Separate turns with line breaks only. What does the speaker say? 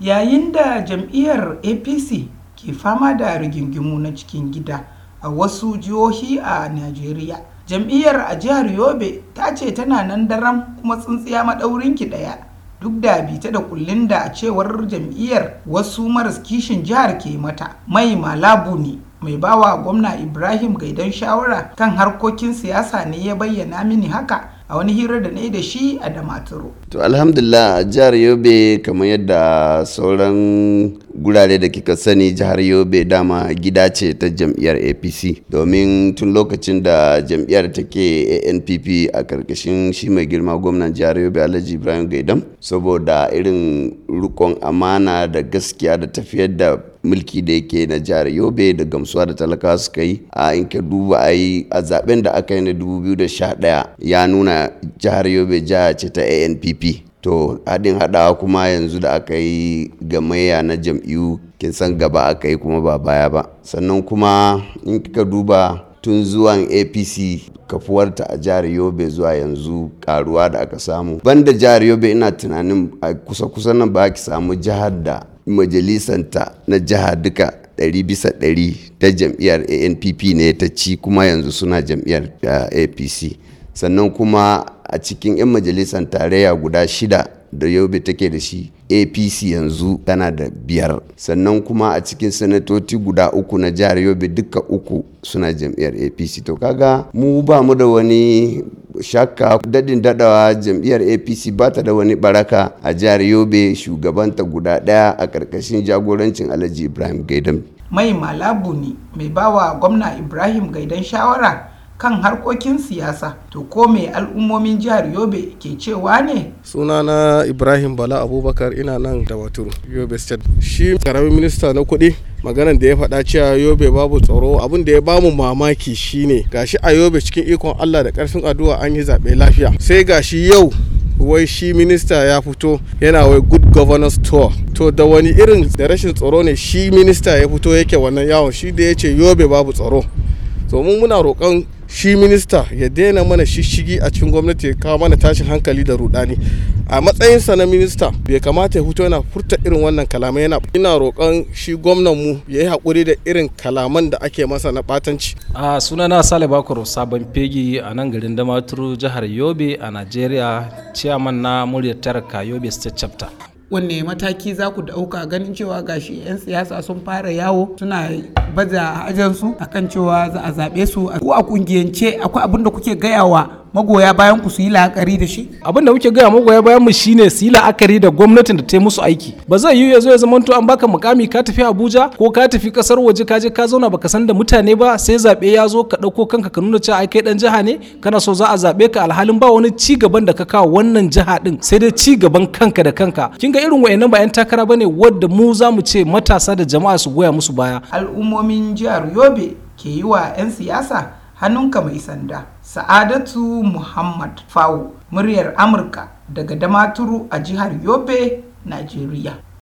Yayin da jam'iyyar APC ke fama da rigingimu na cikin gida a wasu jihohi a Najeriya, jam'iyyar a jihar Yobe ta ce tana nan daram kuma tsintsiya ki ɗaya, duk da bita da kullun da a cewar jam'iyyar wasu maras kishin jihar ke mata. Mai Malabu ne mai bawa gwamna Ibrahim Gaidan shawara kan harkokin siyasa ne ya bayyana mini haka. a wani hira da ne da shi a damaturu.
To alhamdulillah jihar Yobe kamar yadda sauran gurare da kika sani jihar Yobe dama gida ce ta jam'iyyar APC domin tun lokacin da jam'iyyar take ANPP a karkashin shi mai girma gwamnan jihar Yobe Alhaji Ibrahim Gaidam saboda irin rukon amana da gaskiya da tafiyar da mulki da yake na jihar yobe da gamsuwa da talakawa suka yi a in ka duba a yi a zaben da aka yi na 2011 ya nuna jihar yobe jihar ce ta anpp to haɗin haɗawa kuma yanzu da aka yi gamayya na jam'iyyu kin san gaba aka yi kuma ba baya ba sannan kuma in ka duba tun zuwan apc kafuwarta a jihar yobe zuwa yanzu karuwa da aka samu banda jihar yobe ina tunanin a kusa-kusa nan ba ki samu jihar da majalisanta na jiha duka ɗari bisa ɗari ta jam'iyyar anpp ne ta ci kuma yanzu suna jam'iyyar eh, apc sannan kuma a cikin 'yan majalisar tarayya guda shida da yobe take da shi apc yanzu tana da biyar sannan kuma a cikin sanatoci guda uku na jihar yobe duka uku suna jam'iyyar apc to kaga mu ba mu da wani shakka dadin dadawa jam'iyyar apc ba ta da wani baraka a jihar yobe shugabanta guda daya a karkashin jagorancin alhaji ibrahim gaidan
mai malabu ne mai bawa gwamna ibrahim gaidan shawara kan harkokin siyasa to ko mai al'ummomin jihar yobe ke cewa ne
sunana ibrahim bala abubakar ina nan da waturu yobe state shi karamin minista na kuɗi Maganar da ya faɗa cewa yobe babu tsaro abin da ya bamu mamaki shine gashi a yobe cikin ikon allah da ƙarfin addu'a an yi zaɓe lafiya sai gashi yau wai shi minista ya fito yana wai good governance tour to da wani irin da rashin tsaro ne shi minista ya fito yake wannan yawon shi da yace yobe babu tsaro to mun muna roƙon shi minista ya daina mana shishigi a cikin gwamnati ya kawo mana tashin hankali da rudani a matsayinsa na minista bai kamata ya huto yana furta irin wannan kalamai yana ina roƙon shi gwamnan mu ya yi haƙuri da irin kalaman da ake masa na batanci.
a sunana sale bakoro sabon fegi a nan garin damaturu jihar yobe a nigeria ciyaman na muryar taraka yobe state chapter
wanne mataki za ku dauka ganin cewa gashi 'yan siyasa sun fara yawo suna baza ajansu akan cewa za a zaɓe su ko a kungiyance akwai abin da kuke gayawa magoya bayan ku su yi la'akari da shi abin da muke gaya magoya bayan mu shine su yi la'akari da gwamnatin da ta yi musu aiki ba zai
yiwu ya zo ya zamanto an baka mukami ka tafi Abuja ko ka tafi kasar waje ka je ka zauna baka san da mutane ba sai zabe ya zo ka dauko kanka ka nuna cewa ai kai dan jiha ne kana so za a zabe ka alhalin ba wani ci gaban da ka kawo wannan jiha din sai dai ci gaban kanka da kanka kin ga irin wayannan ba yan takara bane wanda mu za mu ce matasa da jama'a su goya musu baya
al'ummomin jihar Yobe ke yi wa 'yan siyasa hannunka mai sanda sa'adatu muhammad fawo muryar amurka daga damaturu a jihar yobe najeriya